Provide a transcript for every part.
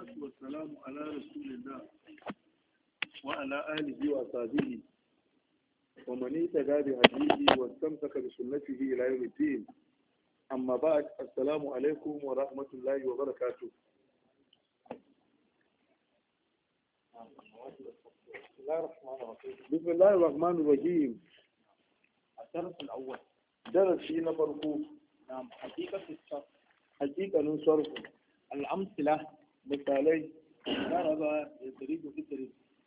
salatu wa salamu ala rasulillah wa ala alihi wa sahbihi wa man ittaba bi hadihi wa istamsaka bi sunnatihi ila yawm al-din amma ba'd assalamu alaykum wa rahmatullahi wa barakatuh بسم الله الرحمن الرحيم الدرس الأول درس فينا فرقوف نعم حقيقة الصرف حقيقة الصرف الأمثلة misalai zaraba ya tsaribu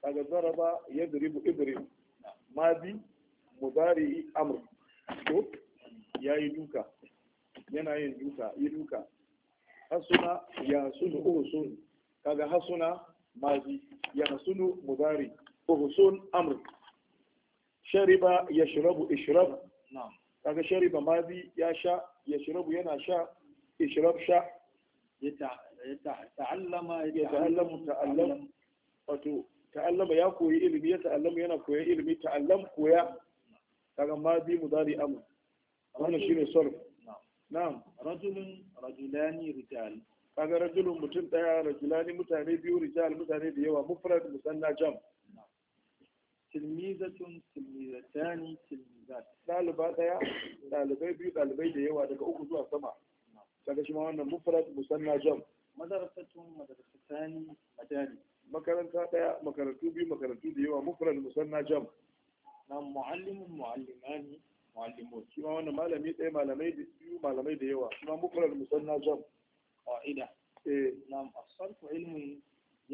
kaga zaraba ya ibrim madi mudari amr to ya yi duka yana yin duka yi duka hasuna ya sunu uhsun kaga hasuna madi ya sunu mudari amr shariba ya shirabu kaga shariba madi ya sha ya shirabu sha ta'allama ya ta'allama ya koyi ilimi ya ta'allamu yana koyan ilimi ta'allam koya kaga ma bi mudari amr wannan shine sarf na'am rajulun rajulani rijal kaga rajulun mutum daya rajulani mutane biyu rijal mutane da yawa mufrad musanna jam tilmizatun tilmizatani tilmizat daliba daya dalibai biyu dalibai da yawa daga uku zuwa sama kaga shi ma wannan mufrad musanna jam madarasatun madarasatani madari makaranta daya makarantu biyu makarantu da yawa mufrad musanna jam na muallimun muallimani muallimo shi ma wannan malami ɗaya malamai da biyu malamai da yawa shi ma mufrad musanna jam qa'ida eh nam asarfu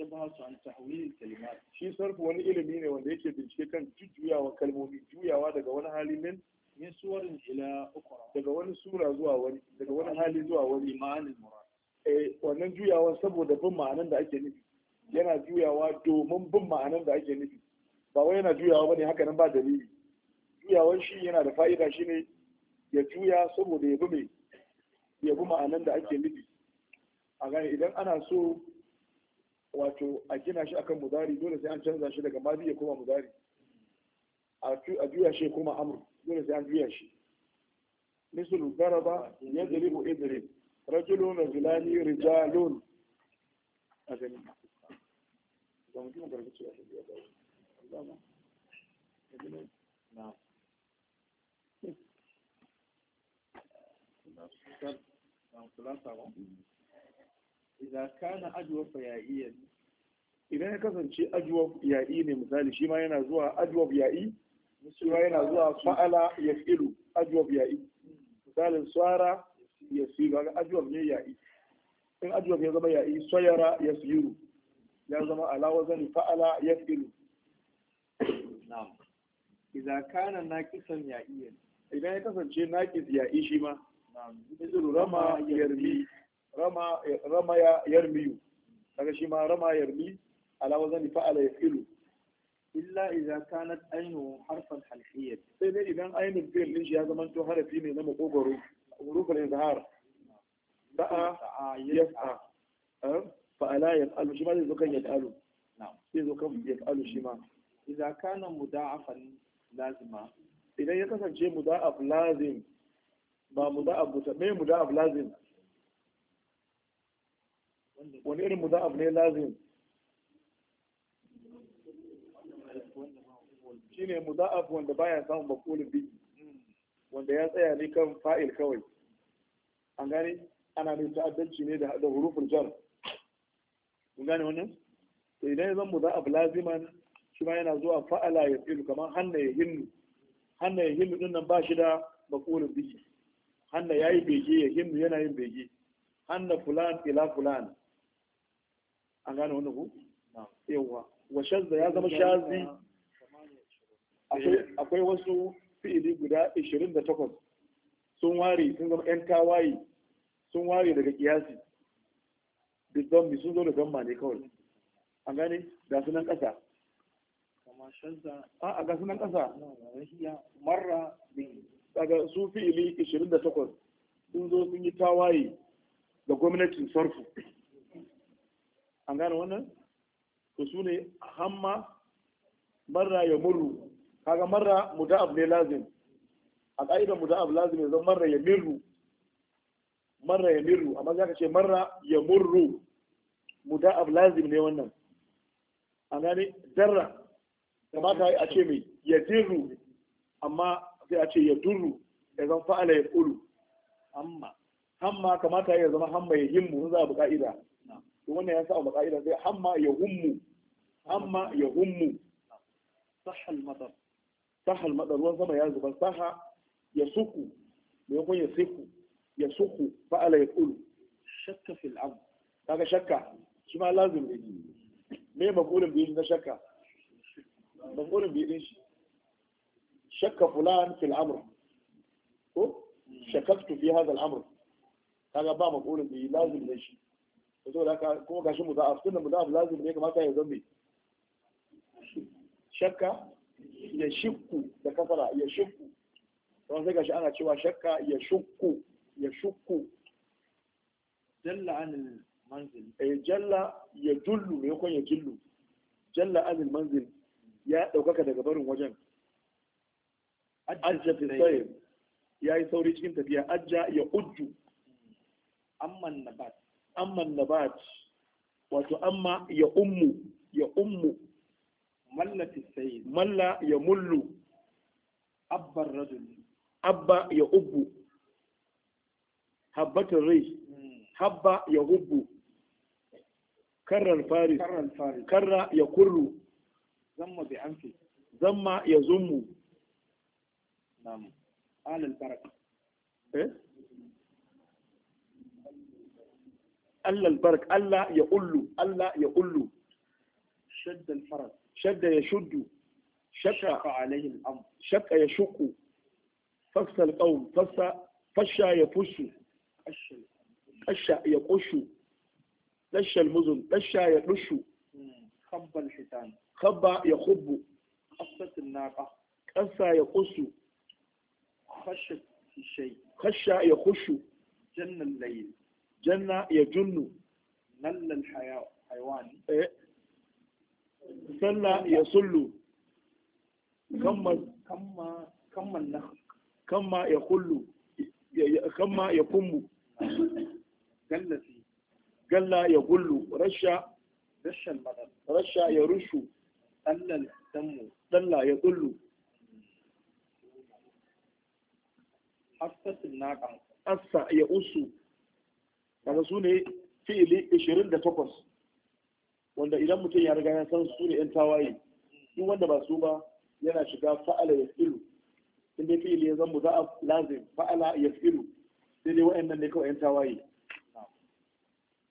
ba su an tahwil kalimat shi sarfu wani ilimi ne wanda yake bincike kan jujjuyawa kalmomi juyawa daga wani hali min min suwarin ila ukra daga wani sura zuwa wani daga wani hali zuwa wani ma'anin murad Eh, wannan juyawa saboda bin ma'anan da ake nufi yana juyawa domin bin ma'anan da ake nufi ba wai yana juyawa bane haka nan ba dalili juyawan shi yana da fa'ida shi ne ya juya saboda ya bi mai ya bi ma'anan da ake nufi a gani idan ana so wato a gina shi akan mudari dole sai an canza shi daga madi ya koma mudari a juya shi ya koma amur dole sai an juya shi misalu daraba ya daribu idrib rajulun rajulani rijalun idan kana ya kasance ya'i ne misali shi yana zuwa ajuwab ya'i shi ma yana zuwa fa'ala ya filu ajuwab ya'i misalin tsara ya siyu ga ajwab ne ya'i in ajwab ya zama ya'i sayara ya siyu ya zama ala wazani fa'ala ya filu na'am na kana naqisan ya'iyan idan ya kasance na naqis ya'i shi ma na'am rama yarmi rama rama ya yarmiyu kaga shi ma rama yarmi ala wazani fa'ala ya filu illa idza kanat aynu harfan halqiyyah sai dai idan aynu fi'l din shi ya zama to harafi ne na makogoro huruful izhar sa'a yas'a fa'ala yas'alu shi ma zai zo kan yas'alu sai zo kan yas'alu shi ma idan ya kasance muda'af lazim ba muda'af ba me muda'af lazim wani irin muda'af ne lazim shine muda'af wanda baya samun maqulun bihi wanda ya tsaya ne kan fa'il kawai an gane ana da ta'addanci ne da hurufin jar kun gane wannan to idan ya zan za a laziman shi ma yana zuwa fa'ala ya filu. kamar hanna ya hinnu hanna ya hinnu din nan ba shi da makulin biki hanna ya yi bege ya hinnu yana yin bege hanna fulan ila fulan an gane wannan ku yawwa wa shazza ya zama shazi akwai wasu fi'ili guda 28 sun ware sun zama 'yan tawaye sun ware daga kiyasi da zambi sun zo da zamba ne kawai an gane ga sunan ƙasa a ga sunan ƙasa marra daga su fi'ili 28 sun zo sun yi tawaye da gwamnatin sarfu an gane wannan su ne hamma marra ya muru. kaga marra muda'ab ne lazim a ka'idar muda'ab lazim yanzu marra ya mirru marra ya mirru amma za ka ce marra ya murru muda'ab lazim ne wannan a gane darra kamata a ce mai ya dirru amma sai a ce ya durru ya zan fa'ala ya ƙulu amma hamma kamata ya zama hamma ya himmu in za a buƙa ka'ida to wannan ya sa a ka'ida sai hamma ya hummu hamma ya hummu sahal matar sahal maɗa ruwan sama ya zuba saha ya suku maimakon ya siku ya suku fa'ala ya kulu shakka fil am kaga shakka shi ma lazim ne me maqulun bi na shakka maqulun biyu din shi shakka fulan fil amr ko shakaktu fi hadha al amr kaga ba maqulun biyu lazim ne shi to da ka kuma gashi mudaf sunan mudaf lazim ne kamata ya zambe shakka ya shukku da kasara ya shukku don sai gashi ana cewa shakka ya shukku ya shukku jalla anil manzil eh jalla ya dullu ne kun ya dullu jalla anil manzil ya daukaka daga barin wajen ajja fi sayyid ya yi sauri cikin tafiya ajja ya ujju amman nabat amman nabat wato amma ya ummu ya ummu ملت السيد مل يمل أب الرجل أب يؤب هبة الريش هب يهب كر الفارس كر الفارس كر يكر زم بأنفه زم يزم نعم آل البركة إيه ألا البرك ألا يقل ألا يقل شد الفرس shadda ya shuddu shakka alaihim am shakka ya shukku fassal qaum fasha ya fushu kasha ya qushu ya dushu khabba al-hitan ya khubbu qasat an-naqa ya qussu khashat ya ya salla ya sullu kamma ya kullu ya galla ya kullu rasha rasha ya rushu dallal ya gullu assasin ya usu daga su ne fi'ili 28 wanda idan mutum ya riga ya san su ne yan tawaye duk wanda ba su ba yana shiga fa'ala ya filu in dai fi'ili ya zan za a lazim fa'ala ya filu sai dai wa'annan ne kawai yan tawaye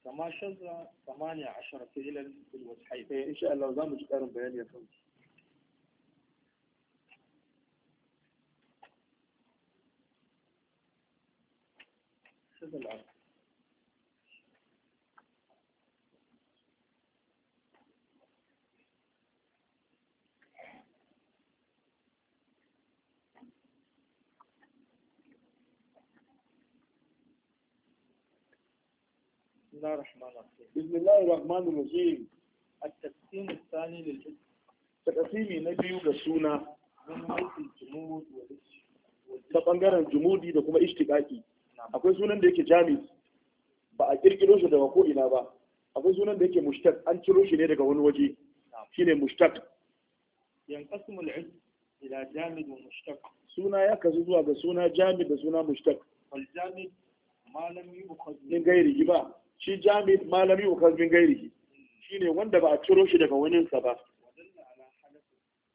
kama shazza samaniya a ashara fi'ilan bil washayi eh insha Allah za mu ji karin bayani akan su شذا العرض بسم الله الرحمن الرحيم بسم الله الرحمن الرحيم التقسيم الثاني للجسم تقسيمي na biyu ga suna ta bangaren jumudi da kuma ishtiqaqi akwai sunan da yake jami ba a kirkiro shi daga ko ina ba akwai sunan da yake mushtaq an ciro shi ne daga wani waje shine mushtaq yanqasimu al-ism ila jamid wa mushtaq suna ya kasu zuwa ga suna jamid da suna mushtaq al jamid ma lam yu'khadh min ba shi jami malami wa bin gairi shine wanda ba a ciro shi daga wani ba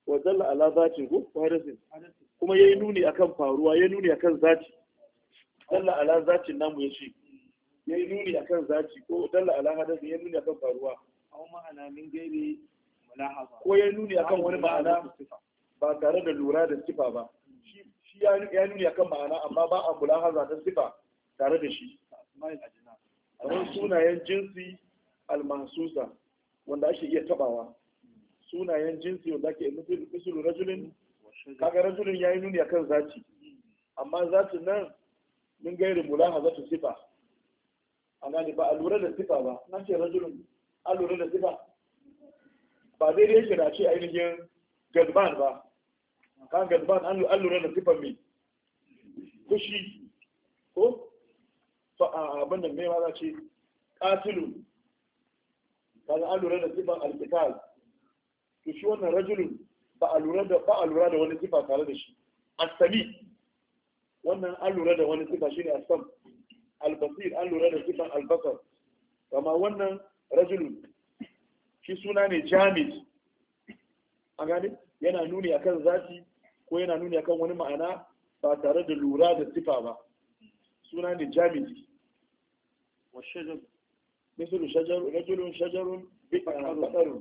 wa ala zati ko hadasin kuma ya yi nuni akan faruwa Ya nuni akan zati dalla ala zati namu Ya yi nuni akan zati ko dalla ala hadasin ya nuni akan faruwa Ko ma'ana min gairi ko nuni akan wani ma'ana ba tare da lura da sifa ba shi ya nuni akan ma'ana amma ba a mulahaza ta sifa tare da shi kamar sunayen jinsi almasusa wanda ake iya tabawa sunayen jinsi wanda ake misalu rajulin kaga rajulin yi nuni akan zaci amma zaci nan min gairi mulaha zata sifa na ne ba a lura da sifa ba na ce rajulun an lura da sifa ba da yake da ce ainihin gadban ba kan gadban an lura da sifan mai kushi ko abin da mai maza ce katilun kaga an lura da sifan alkital to shi wannan rajulun ba a lura da ba a lura da wani sifa tare da shi asali wannan an lura da wani sifa shine asam albasir an lura da sifan albasar kama wannan rajulun shi suna ne jami'i a gane yana nuni akan zafi ko yana nuni akan wani ma'ana ba tare da lura da sifa ba suna ne jami'i والشجر مثل شجر رجل شجر بقر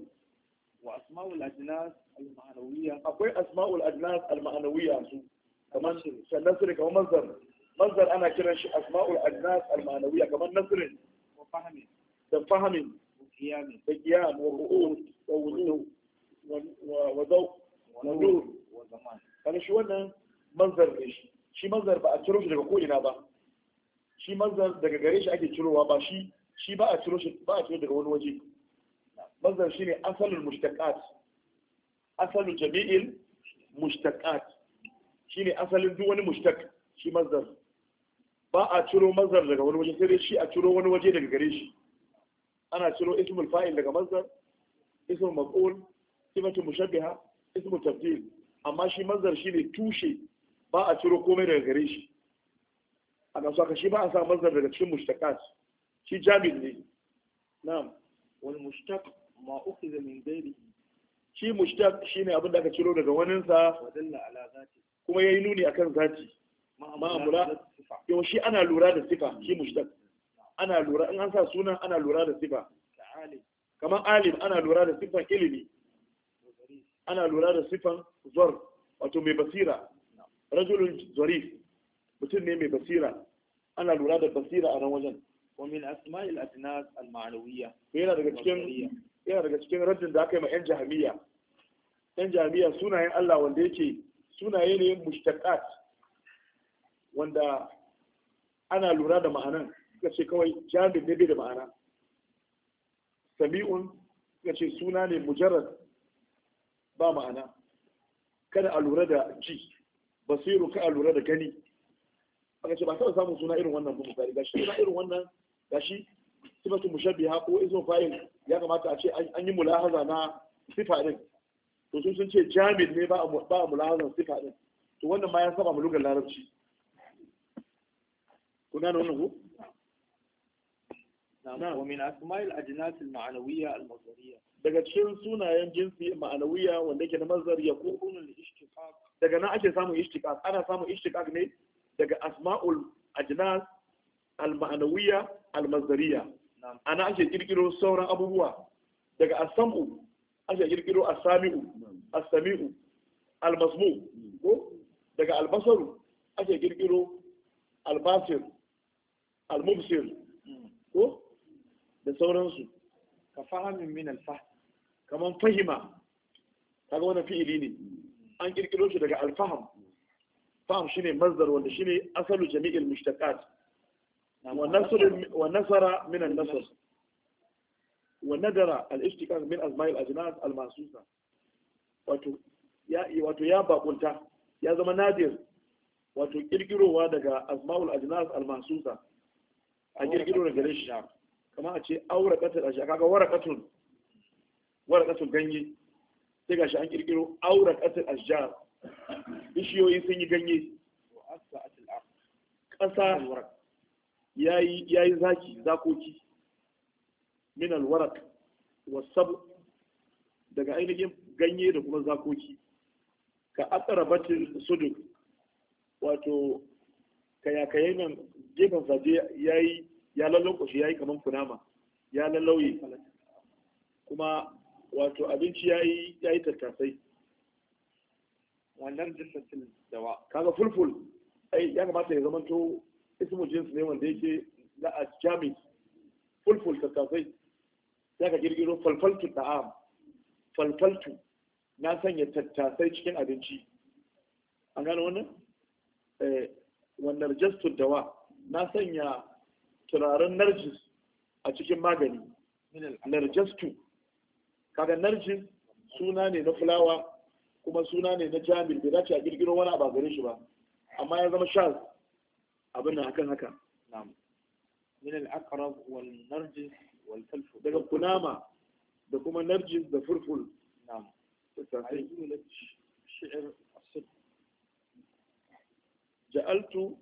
وأسماء الأجناس المعنوية أقوي أسماء الأجناس المعنوية كمان كالنسر كمان منظر منظر أنا كده أسماء الأجناس المعنوية كمان نسر وفهم فهم وقيام وقيام ورؤوس ووضوء وذوق ونور وزمان أنا شو أنا منظر إيش شي منظر بقى تروح لبقوا إنا بقى shi manzan daga gare shi ake cirowa ba shi shi ba a ciro shi ba a ciro daga wani waje manzan shine asalin mushtaqat asalin jami'il mushtaqat shine asalin duk wani mushtaq shi manzan ba a ciro manzan daga wani waje sai dai shi a ciro wani waje daga gare shi ana ciro ismul fa'il daga manzan ismul maf'ul sifatu mushabbiha ismul tafdil amma shi manzan shine tushe ba a ciro komai daga gare shi a nan saka shi ba a sa masdar daga cikin mushtaqat shi jamid ne na wani mushtak ma uku ukhidha min ghairihi shi mushtak shi abin da aka ciro daga waninsa kuma ya yi nuni akan zati ma'amula yau shi ana lura da sifa shi mushtak ana lura in an sa suna ana lura da sifa kamar alim ana lura da sifan ilimi ana lura da sifan zor wato mai basira rajulun zarif mutum ne mai basira ana lura da basira a nan wajen wa asma'il asnas al ma'nawiyya yana daga cikin yana daga cikin raddin da aka yi ma yan jahamiya yan jahamiya sunayen Allah wanda yake sunaye ne wanda ana lura da ma'anan kace kawai jami'in ne bai da ma'ana sami'un kace suna ne mujarrad ba ma'ana kada a lura da ji basiru a lura da gani aka ce ba taɓa samun suna irin wannan ba misali gashi suna irin wannan gashi sifatu mushabbiha ko ismu fa'il ya kamata a ce an yi mulahaza na sifa din to sun sun ce jamil ne ba a ba mulahazan sifa din to wannan ma ya saba mu lugar larabci kuna da wannan ku? ko نعم ومن أسماء الأجناس al المصدرية daga cikin sunayen jinsi ma'anawiya wanda yake na mazhar ya ko daga nan ake samun ishtiqaq ana samun ishtiqaq ne daga asma'ul ajnas al-ma'anawiyya al-mazdariyya ana ake kirkiro sauran abubuwa daga as ake kirkiro as-sami'u as al-masmu ko daga al ake kirkiro al al-mubsir hmm. ko da sauransu ka fahimin min al-fahm fahima kaga wannan fi'ili ne hmm. an kirkiro shi daga alfaham. fam shine masdar wanda shine asalu jami'il mushtaqat wa nasr wa nasara min an-nasr wa nadara al-ishtiqaq min asma'il ajnas al-mahsusa wato ya wato ya bakunta ya zama nadir wato kirkirowa daga asma'ul ajnas al-mahsusa a kirkiro daga gare shi kama a ce aure katul ashi kaga waraqatul waraqatul ganye sai gashi an kirkiro aure katul ashjar bishiyoyi sun yi ganye ƙasa ya yi zaki zakoki min alwarak wasab daga ainihin ganye da kuma zakoki ka akara batin suduk wato kayakayen nan gefen saje ya yi ya lallankwashe ya yi kamar kunama ya lallauye kuma wato abinci ya yi tattasai wannan jisatin dawa kaga fulful ai ya kamata ya zamanto ismu jins ne wanda yake na ajami fulful tattasai ya ka girgiro falfaltu ta'am falfaltu na sanya tattasai cikin abinci an gano wannan eh, wannan jastu dawa na sanya turaren narjis a cikin magani narjastu kaga narjis suna ne na fulawa kuma suna ne na jami'in bai dace a girgiro wani abu gare shi ba amma ya zama shaz abin da hakan haka min al-aqrab wal narjis wal daga kunama da kuma narjis da furful na'am ja'altu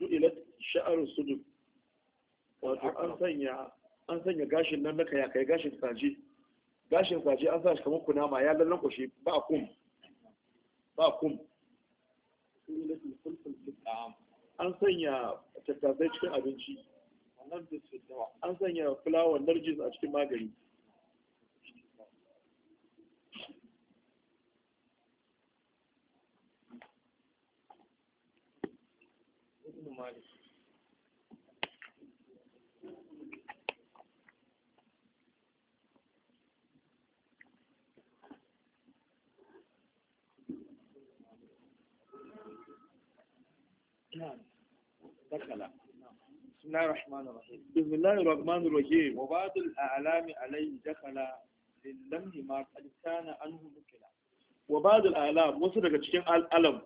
ju'ilat sha'ar as-sidq wato an sanya an sanya gashin nan naka ya kai gashin saji gashin kwaje an sa kamar kunama ya lallan kwashe ba kum ba kum an sanya tattasai cikin abinci an sanya fulawar narjis a cikin magani you. دخل بسم الله الرحمن الرحيم وبعض الأعلام عليه دخل ما قد كان عنه مكلا وبعض الأعلام wasu daga cikin al'alam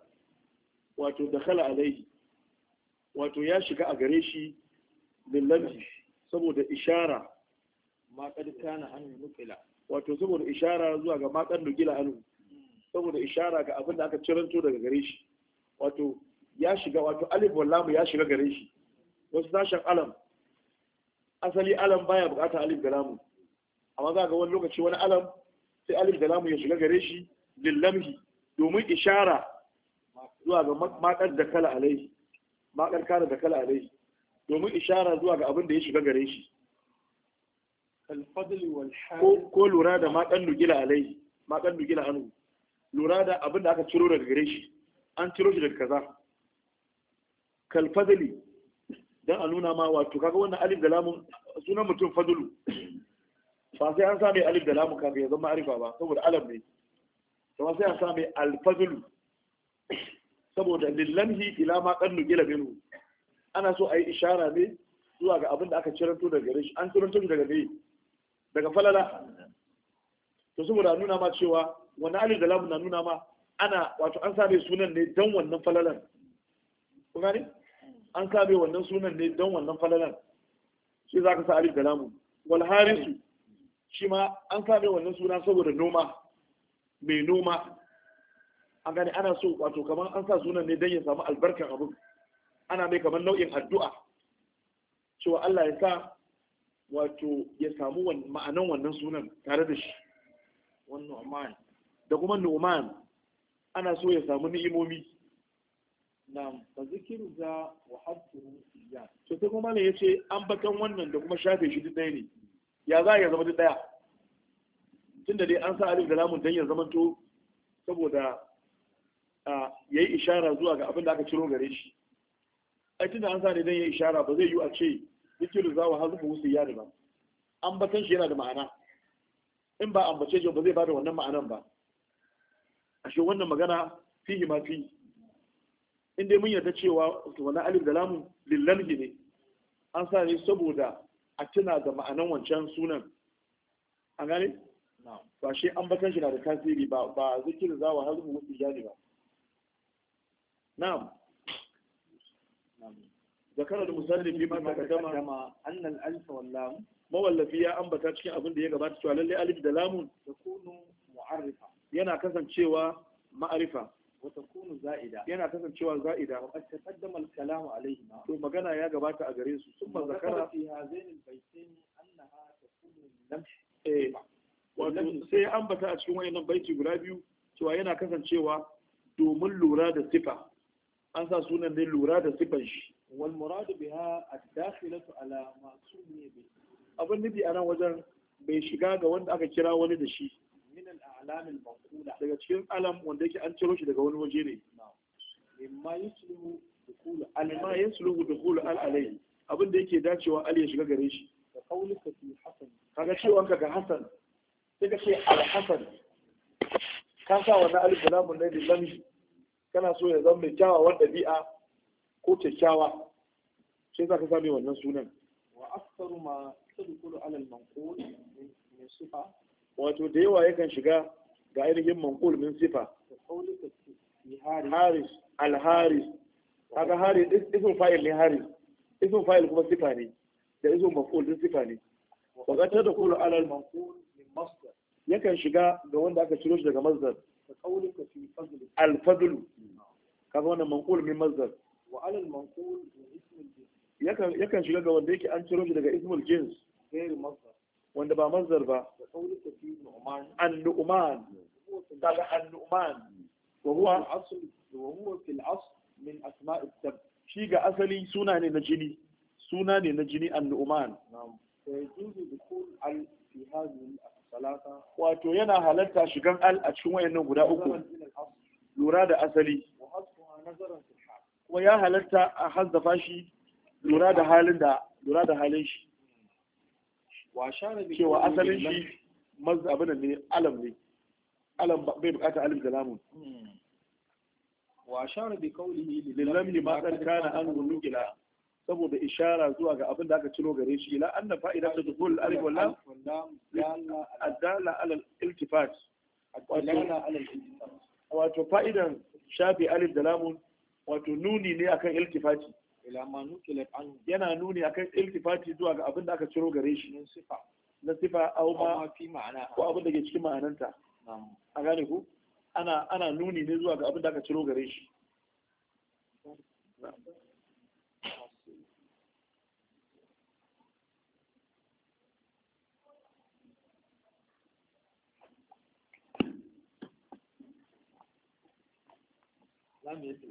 wato dakhala alaihi wato ya shiga a gare shi saboda ishara ma qad kana anhu wato saboda ishara zuwa ga ma qad nukila saboda ishara ga abin da aka ciranto daga gare wato ya shiga wato alif lamu ya shiga gare shi wasu sashen alam asali alam baya bukata alif da lamu amma za ga wani lokaci wani alam sai alif da lamu ya shiga gare shi lillamhi domin ishara zuwa ga makar da kala alaihi makar kara da kala alai domin ishara zuwa ga abin da ya shiga gare shi ko lura da makar nugila alai makar nugila anu lura da abin da aka ciro daga gare shi an ciro shi daga kaza kalfadali don a nuna ma wato kaga wannan alif da lamun sunan mutum fadulu ba sai an same alif da lamun kaga ya zama arifa ba saboda alam ne kuma sai an same alfadulu saboda lillahi ila ma qannu gila minhu ana so a yi ishara ne zuwa ga abin da aka ciranto daga gare shi an ciranto daga ne daga falala to saboda nuna ma cewa wani alif da lamun na nuna ma ana wato an same sunan ne don wannan falalan kun gane an kame wannan sunan ne don wannan falalan shi za ka sa alif da lamu wal harisu shi ma an kame wannan suna saboda noma mai noma an gane ana so wato kamar an sa sunan ne don ya samu albarkan abu ana mai kamar nau'in addu'a cewa Allah ya sa wato ya samu ma'anan wannan sunan tare da shi wannan da kuma noman. ana so ya samu ni'imomi nam fa zikiru za wa hadduhu iyyan. To sai kuma ne yace an bakan wannan da kuma shafe shi duk ɗaya ne. Ya za ya zama duk ɗaya? Tunda dai an sa alif da lamun dan ya zama to saboda a yayi isharar zuwa ga abin da aka ciro gare shi. Ai tunda an sa ne dan ya ishara ba zai yi a ce zikiru za wa hadduhu iyyan ba. An bakan shi yana da ma'ana. In ba ambace shi ba zai bada wannan ma'anan ba. Ashe wannan magana fihi ma fihi. in dai mun yarda cewa wannan alif da lamun lillanhi ne an sa ne saboda a tuna da ma'anan wancan sunan an gane ba shi an batan shi na da tasiri ba ba zikirin zawa har mu mutu jani ba na'am da ذكر المسلم فيما تقدم أن الألف واللام mawallafi ya ambata cikin abin da ya gabata cewa lalle alif da lamun da kunu mu'arrifa yana kasancewa ma'arifa وتكون زائدة yana kasancewa za'ida wa taqaddama al-kalam to magana ya gabata a gare su sun zakara fi hazain al-baytain annaha takunu lamsh ambata a cikin wayannan baiti guda biyu cewa yana kasancewa domin lura da sifa an sa sunan ne lura da sifan shi wal muradu biha ad-dakhilatu ala ma'sumi bi abin nufi a nan wajen bai shiga ga wanda aka kira wani da shi Alamin maqula daga cikin alam wanda yake an ciro shi daga wani waje ne mimma yusluhu dukul alma yusluhu dukul al alayhi abin da yake dacewa al ya shiga gare shi da qaulika fi hasan kaga cewa kaga hasan sai ka ce al hasan ka sa wannan alif da lamun ne da kana so ya zama mai kyawawan ɗabi'a ko kyakkyawa sai za ka sami wannan sunan wa aksaru ma tadkhulu ala al manqul min sifa wato da yawa yakan shiga ga ainihin manqul min sifa haris al-haris kaga haris ismul fa'il ne haris ismul fa'il kuma sifa ne da ismul maf'ul din sifa ne wa qad tadkhulu ala al-manqul min masdar yakan shiga ga wanda aka ciro shi daga masdar al-fadl kaga wannan manqul min masdar wa alal al-manqul min ismul jins yakan shiga ga wanda yake an ciro shi daga ismul jins غير مصدر wanda ba manzar ba an nu'man daga an nu'man wa huwa asl wa huwa fil asl min asma' al shi ga asali suna ne na jini suna ne na jini an nu'man wato yana halarta shigan al a cikin wayannan guda uku lura da asali kuma ya halarta a hazzafa shi lura da halin da lura da halin shi cewa asalin shi mazhabin ne alam ne alam bai bukata alif da lamun hmm. wa ashara bi qawlihi lil lamni ma kan kana an nukila saboda ishara zuwa ga abin da aka ciro gare shi la anna fa'ida ta dukul alif wal lam adala ala al iltifat adala ala al iltifat wato fa'idan shafi alif da lamun wato nuni ne akan iltifati nukilat an yana nuni akan iltifati zuwa ga abin da aka ciro gare shi min sifa na sifa au ma fi ma'ana ko abin da ke cikin ma'ananta a gane ku ana ana nuni ne zuwa ga abin da aka ciro gare shi Lam yetil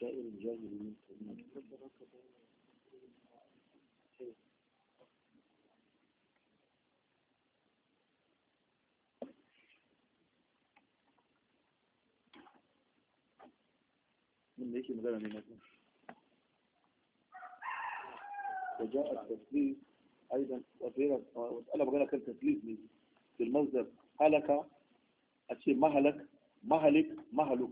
شائر جاهل من من ليش مغير من وجاء التثليث أيضا وسأل وسألة بغير كان تثليث في المصدر هلك الشيء مهلك مهلك مهلك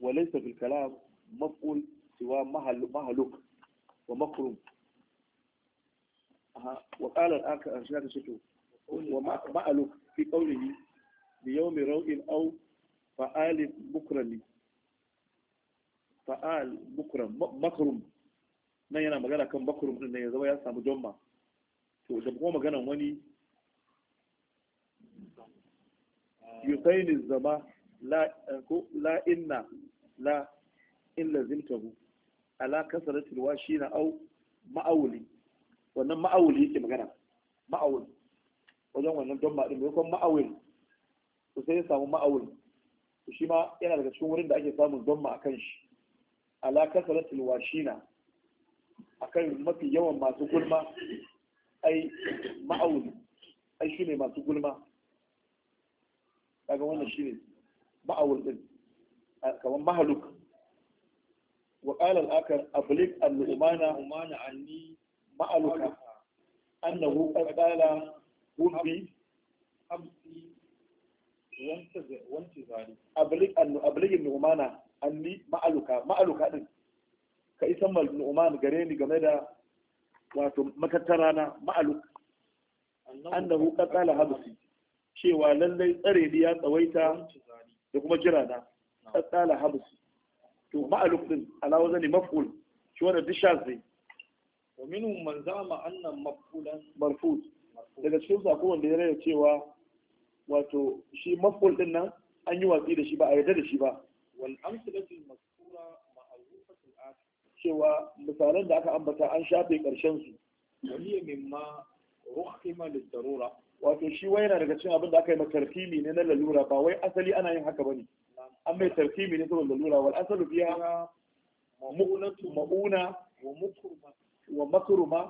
وليس في الكلام maf'ul siwa mahaluk wa makrum wa qala al-aka an shaka shito wa ma'aluk fi qawlihi bi yawmi raw'in aw fa'al bukrami fa'al bukram makrum nan yana magana kan makrum din nan ya zama ya samu jomma to da kuma maganan wani yusaini zama la la inna la illa zimtahu ala kasratil washina au ma'auli wannan ma'auli yake magana ma'auli wajen wannan don baɗin ko kuma ma'auli to sai ya samu ma'auli to shi ma yana daga cikin wurin da ake samun don ma akan shi ala kasratil washina akan mafi yawan masu gulma ai ma'auli ai shi ne masu gulma kaga wannan shi ne ma'aul din kamar mahaluk وقال الآخر أبلغ النعمان عمان عني مألك أنه قد قال همي همسي وانتظاري أبلغ أبلغ النعمان عني مألك مألك ka isan mal gare ni game da wato matattara na ma'aluk annahu qatala habsi cewa lallai tsare ni ya tsawaita da kuma to ma'aluf din ala wazani maf'ul shi wannan duk shaz ne wa minhum man zama annan maf'ulan marfu daga cikin sako wanda ya rayar cewa wato shi maf'ul din nan an yi watsi da shi ba a yarda da shi ba wal amsalatu mazkura ma'rufatu al cewa misalan da aka ambata an shafe karshen su Wani waliya mimma rukhima lid darura wato shi wai yana daga cikin abin da aka yi makartimi ne na lalura ba wai asali ana yin haka bane an mai tarkimi ne saboda lura wal asalu biya mu'unatu ma'una wa makruma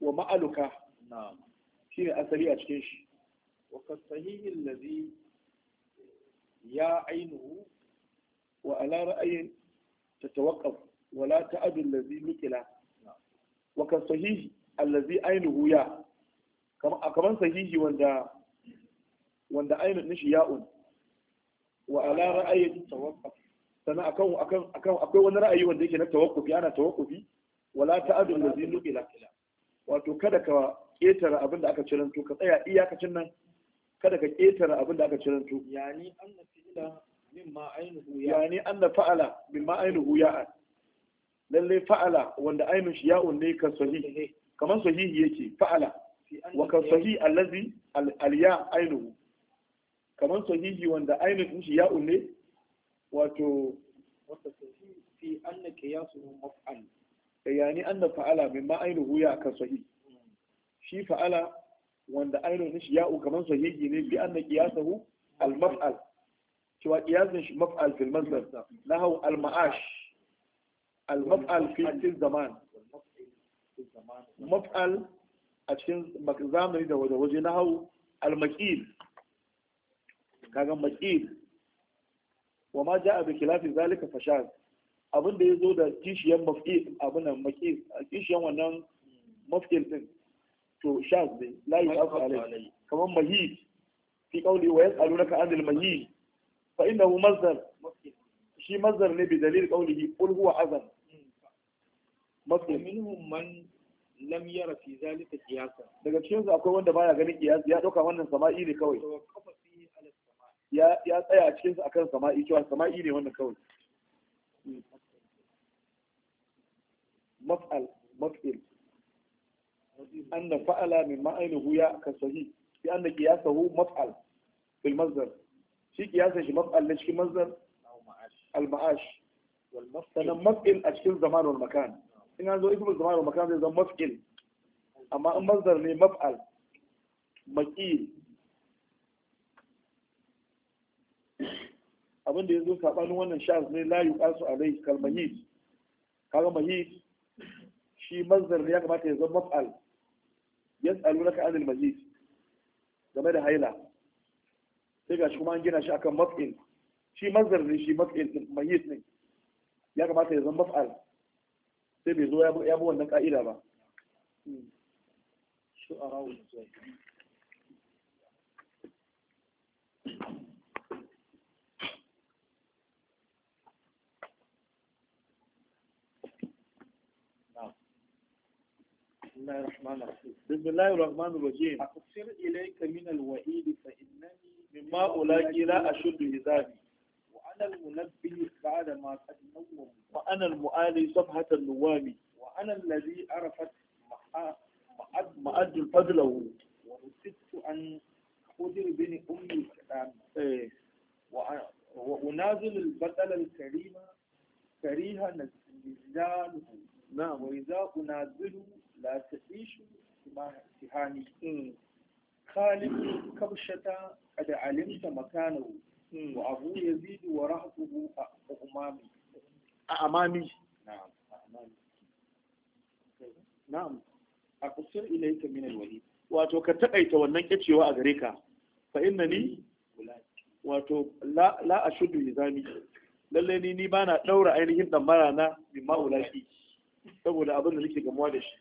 wa ma'aluka shi ne asali a cikin shi wa kasahihin lazi ya ainihu wa ala ra'ayin ta tawakkaf wala ta'adun lazi nukila wa kasahihi allazi ainihu ya kamar sahihi wanda wanda ainihin shi ya'un wa ala ra'ayi tawaqquf sannan akan akan akan akwai wani ra'ayi wanda yake na tawaqqufi ana tawaqqufi wala ta'adul ladhi nuqila wato kada ka ketara abin da aka ciranto ka tsaya iyakacin nan kada ka ketara abin da aka ciranto yani anna fi'la mimma ainihu ya yani anna fa'ala mimma ainihu ya'an lalle fa'ala wanda ainihin shi ya'un ne ka sahih kamar sahihi yake fa'ala wa ka sahih allazi al-ya ainihu kamar sahihi wanda ainihin shi ya ne wato wata sahihi fi anna qiyasu maf'al eh, yani anna fa'ala mimma ainihu ya ka sahihi shi fa'ala wanda ainihin shi ya kamar sahihi ne bi anna qiyasahu al maf'al cewa qiyasin shi maf'al fil masdar nahu al ma'ash al maf'al fi zaman maf'al a cikin zamani da waje na hau al maqil kaga makil wa ma ja'a bi khilafi zalika fashad abin da yazo da kishiyan maf'il abin nan maqil kishiyan wannan mafkil din to shaz ne la yu'afu alayhi kaman mahid fi qawli wa yas'alunaka 'anil mahid fa innahu mazdar shi mazdar ne bi dalil qawlihi qul huwa azam maf'il minhum man lam yara fi zalika qiyasa daga cikin su akwai wanda baya ganin qiyas ya dauka wannan sama'i ne kawai ya tsaya a cikinsa akan sama'i cewa sama'i ne wannan kawai maf'al maf'il anna fa'ala min ma'ainihu ya ka sahi bi ya sahu maf'al fil mazdar shi qiyasan shi maf'al na cikin mazdar al ma'ash wal maf'il a cikin zaman wal makan in an zo ismul zaman wal makan zai zama maf'il amma in mazdar ne maf'al maqil abin da ya zo saɓanin wannan shaz ne la yi alai kal mahid kaga mahid shi mazdar ne ya kamata ya zama maf'al na anil mahi game da haila sai gashi kuma an gina shi akan maf'il shi mazdar ne shi maf'il mahi ne ya kamata ya zama maf'al sai bai zo ya bi wannan ka'ida ba hmm. بسم الله الرحمن الرحيم بسم الله الرحمن الرحيم أقصر إليك من الوعيد فإنني مما ألاقي لا أشد هزامي وأنا المنبه بعد ما قد نوم وأنا المؤالي صفحة النوام وأنا الذي عرفت مأد فضله ورددت أن خضر بني أمي الكلام إيه. وأنازل البطل الكريم كريها نزاله نعم وإذا أنازله shi la tasishu sihani khalid kabshata da alimta makanahu wa abu yazid wa rahbuhu umami a amami na'am amami na'am aqsir ilayka min alwali wato ka takaita wannan kicewa a gare ka fa ni. wato la la ashuddu nizami lalle ni ni bana daura ainihin damara na bi ma'ulaki saboda abin da nake gamuwa da shi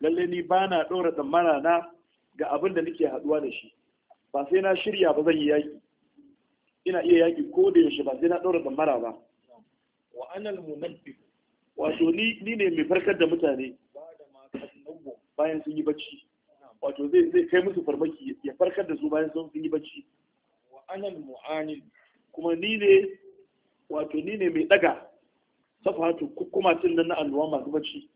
lalle ni ba na ɗora tsammana na ga abin da nake haɗuwa da shi ba sai na shirya ba zan yi yaƙi ina iya yaƙi ko da yaushe ba sai na ɗora tsammana ba wa anal munabbi wato ni ni ne mai farkar da mutane bayan sun yi bacci wato zai zai kai musu farmaki ya farkar da su bayan sun yi bacci wa anal mu'anil kuma ni ne wato ni ne mai daga safatu tun nan na alluwa masu bacci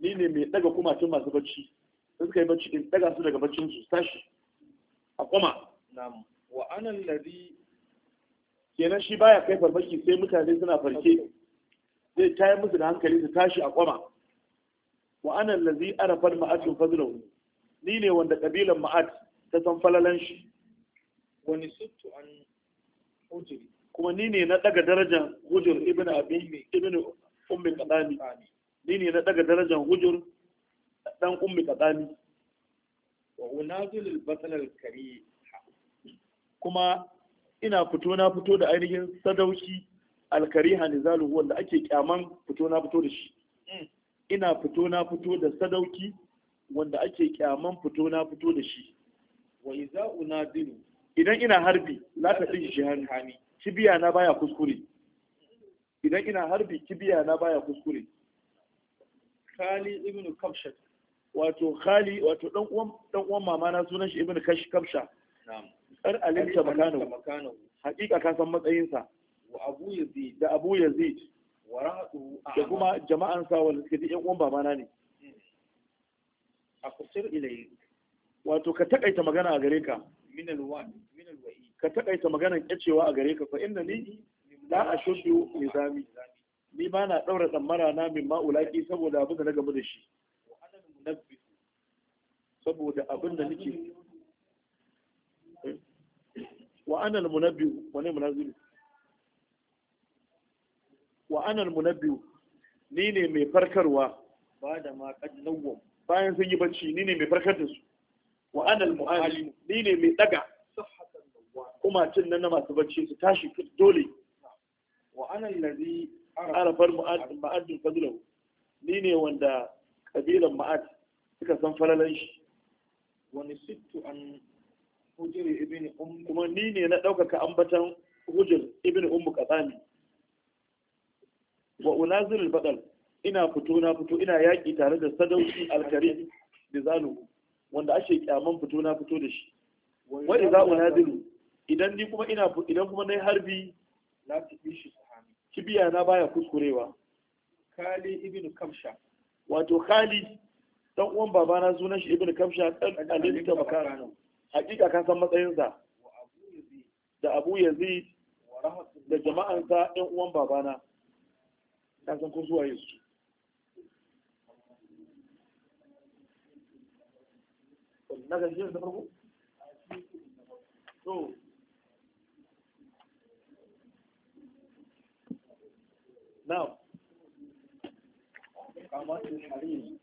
ni ne mai daga tun masu bacci sai suka yi bacci in daga su daga baccin su tashi a kuma na wa anan alladhi kenan shi baya kai farmaki sai mutane suna farke zai tayi musu da hankali su tashi a kwama wa ana alladhi arafar ma'atun fadlahu ni ne wanda kabilan ma'at ta san falalan shi wani sutu an kuma ni ne na daga darajar hujr ibn abi ibn ummi kadani ni ne na daga darajar hujur dan ummi kadani wa unazil al-batal al-kari kuma ina fito na fito da ainihin sadauki al-kariha nizalu wanda ake kyaman fito na fito da shi mm. ina fito na fito da sadauki wanda ake kyaman fito na fito da shi wa iza unadilu idan ina harbi la ta tsin shi hani kibiya na baya kuskure idan ina harbi kibiya na baya kuskure khali ibn kabshat wato khali wato dan uwan dan uwan mama na sunan shi ibn kash kabsha kar alimta makano hakika ka san matsayin sa wa abu yazid da abu yazid wa rahatu da kuma jama'an sa wanda suke yan uwan baba na ne hmm. a kusur ilai wato ka takaita magana a gare ka min alwani min alwa'i ka takaita magana kacewa a gare ka fa inna ni la ashuddu nizami ni ba na ɗaura tsammara na min ma'ulaki saboda abin da na gamu da shi saboda abin da nake wa na munabbiu wani munazzilu wa na munabbiu ni ne mai farkarwa ba da ma kad bayan sun yi bacci ni ne mai farkar da su wa anal ni ne mai daga kuma cin nan na masu bacci su tashi dole wa anal ladhi arafar ma'adin fadilahu ni ne wanda kabilan ma'ad suka san falalan shi wani sittu an hujjar ibn um kuma ni ne na ɗaukaka ambatan hujjar ibn um katsami wa unazil badal ina fito na fito ina yaƙi tare da sadauki alkarim da zanu wanda ake kyaman fito na fito da shi wa za unazil idan ni kuma ina idan kuma nayi harbi na tafi shi kibiya na baya kuskurewa kali ibn kamsha wato kali dan uwan babana sunan shi ibn kamsha dan alinta makana hakika ka san matsayinsa da abu yazid da jama'an sa ɗan uwan babana ka san ko zuwa yesu na ga shi da farko to Now, come on to Harim.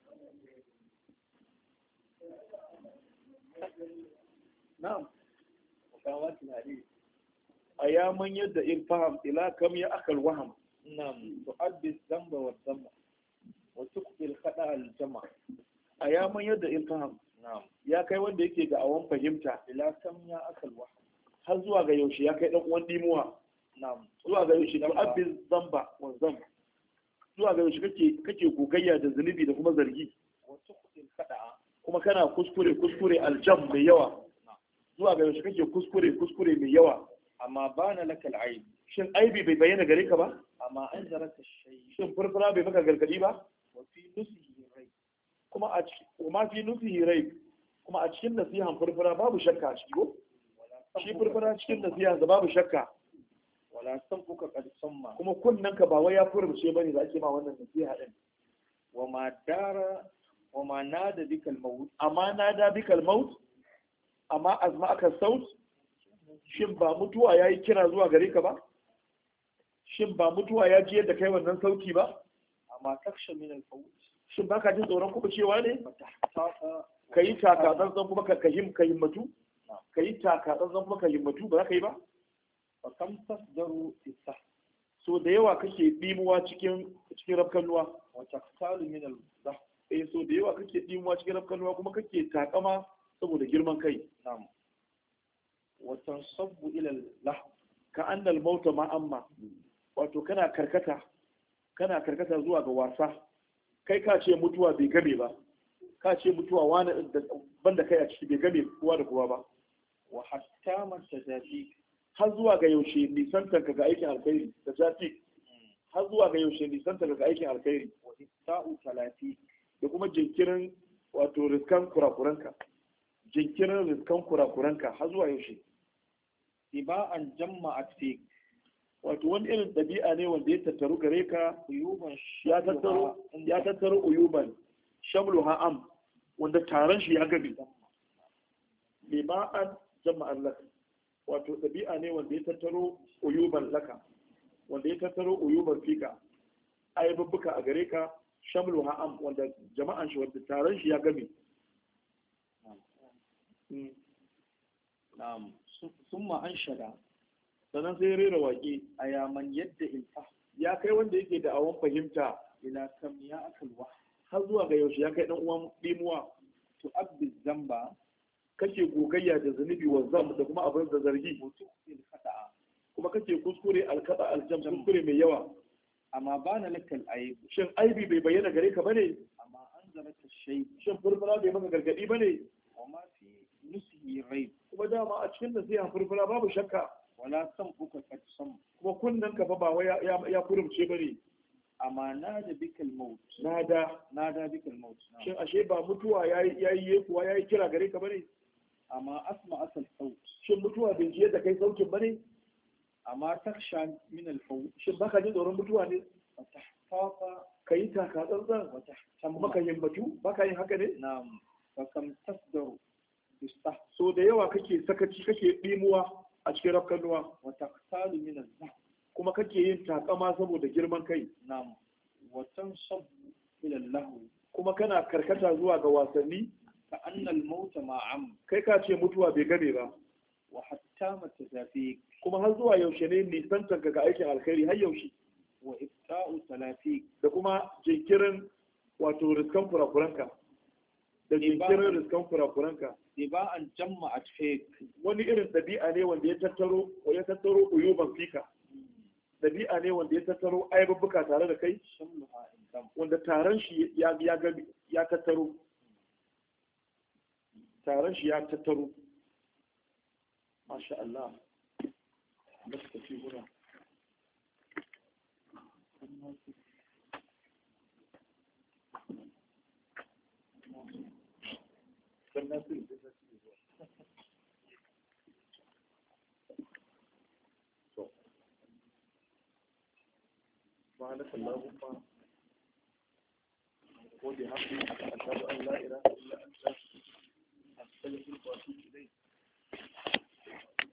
Now, come on to Harim. A ya manye da in faham ila kam ya akal waham. Nam, to abbi zamba wa zamba. Wa tuk il kada al jama. A ya yadda in faham. Nam. Ya kai wanda yake ga awon fahimta. Ila kam ya akal waham. Har zuwa ga yaushe ya kai ɗan uwan dimuwa. zuwa ga yaushe na abin zamba wa zuwa ga yaushe kake kake gogayya da zunubi da kuma zargi kuma kana kuskure kuskure aljam mai yawa zuwa ga yaushe kake kuskure kuskure mai yawa amma bana laka al'aib shin aibi bai bayyana gare ka ba amma an zarata shay shin furfura bai maka gargadi ba kuma a cikin kuma fi nufi rai kuma a cikin nasihan furfura babu shakka a ko shi furfura cikin nasiha da babu shakka wala kuka qad samma kuma kunnan ka ba wai ya furbuce bane da ake ma wannan nasiha din wa ma dara wa ma nada bikal maut amma nada bikal maut amma azma aka saut shin ba mutuwa yayi kira zuwa gare ka ba shin ba mutuwa ya ji yadda kai wannan sauti ba amma taksha min al faut shin baka jin tsoron kuma cewa ne kayi taka dan zan kuma ka himmatu kayi taka dan zan kuma ka himmatu ba za ka yi ba fa kam tasdaru fisa so da yawa kake dimuwa cikin cikin rafkanuwa wa taqtalu min al-zah eh so da yawa kake dimuwa cikin rafkanuwa kuma kake takama saboda girman kai na'am wa tansabu ila al-lah ka anna al-mauta ma amma wato kana karkata kana karkata zuwa ga wasa kai ka ce mutuwa bai game ba ka ce mutuwa wani banda kai a ciki bai game kowa da kowa ba wa hatta man tajafi har zuwa ga yaushe nisantar ka ga aikin alkhairi da zafi har zuwa ga yaushe nisantar ga aikin alkhairi sa'u talati da kuma jinkirin wato riskan kurakuranka jinkirin riskan kurakuranka har zuwa yaushe an jamma fi wato wani irin ɗabi'a ne wanda ya tattaru gare ka ya tattaru uyuban shamlu ha'am wanda taron shi ya gabi ba an jamma Allah wato ɗabi'a ne wanda ya tattaro uyuban laka wanda ya tattaro uyuban fika babbuka a gare ka shamlu ha'am wanda jama'an shi wanda taron shi ya gami. Hmm. na'am summa an shada sannan sai rera waƙe a yaman yadda ilfa ya kai wanda yake da awon fahimta ila kam ya akalwa har zuwa ga yaushe ya kai dan uwan dimuwa to abdi zamba kake gogayya da zunubi wa zam da kuma abin da zargi kuma kake kuskure alkaba aljam kuskure mai yawa amma ba na lakal aibi shin aibi bai bayyana gare ka bane amma an zama ta shai shin furfura bai maka gargadi bane amma fi nusihi rai kuma dama a cikin nasiha furfura babu shakka wala san uka ka san kuma kunnan ka fa ba wai ya kurumce bane amma na da bikal maut na da bikal maut shin ashe ba mutuwa yayi yayi kuwa yayi kira gare ka bane amma asma asal sau shin mutuwa bai ji yadda kai saukin bane amma taksha min al fau shin baka ji tsoron mutuwa ne fafa kai ta ka tsantsan wata amma ka yin batu baka yin haka ne na fa kam tasdaru so da yawa kake sakaci kake bimuwa a cikin rafkanuwa wata taqtalu min al kuma kake yin takama saboda girman kai Na wa sabu ilallahu kuma kana karkata zuwa ga wasanni ka annal mauta ma'am kai ka ce mutuwa bai gane ba wa hatta matazafi kuma har zuwa yaushe ne nisantan ka ga aikin alkhairi har yaushe wa ifta'u talafi. da kuma jinkirin wato riskan kurakuranka da jinkirin riskan kurakuranka ba an jamma a wani irin ɗabi'a ne wanda ya tattaro wa ya tattaro uyuban fika ɗabi'a ne wanda ya tattaro aibubbuka tare da kai wanda taron shi ya ya tattaro تارش يا تترو ما شاء الله بس في هنا بارك الله فيكم وبارك الله 1742.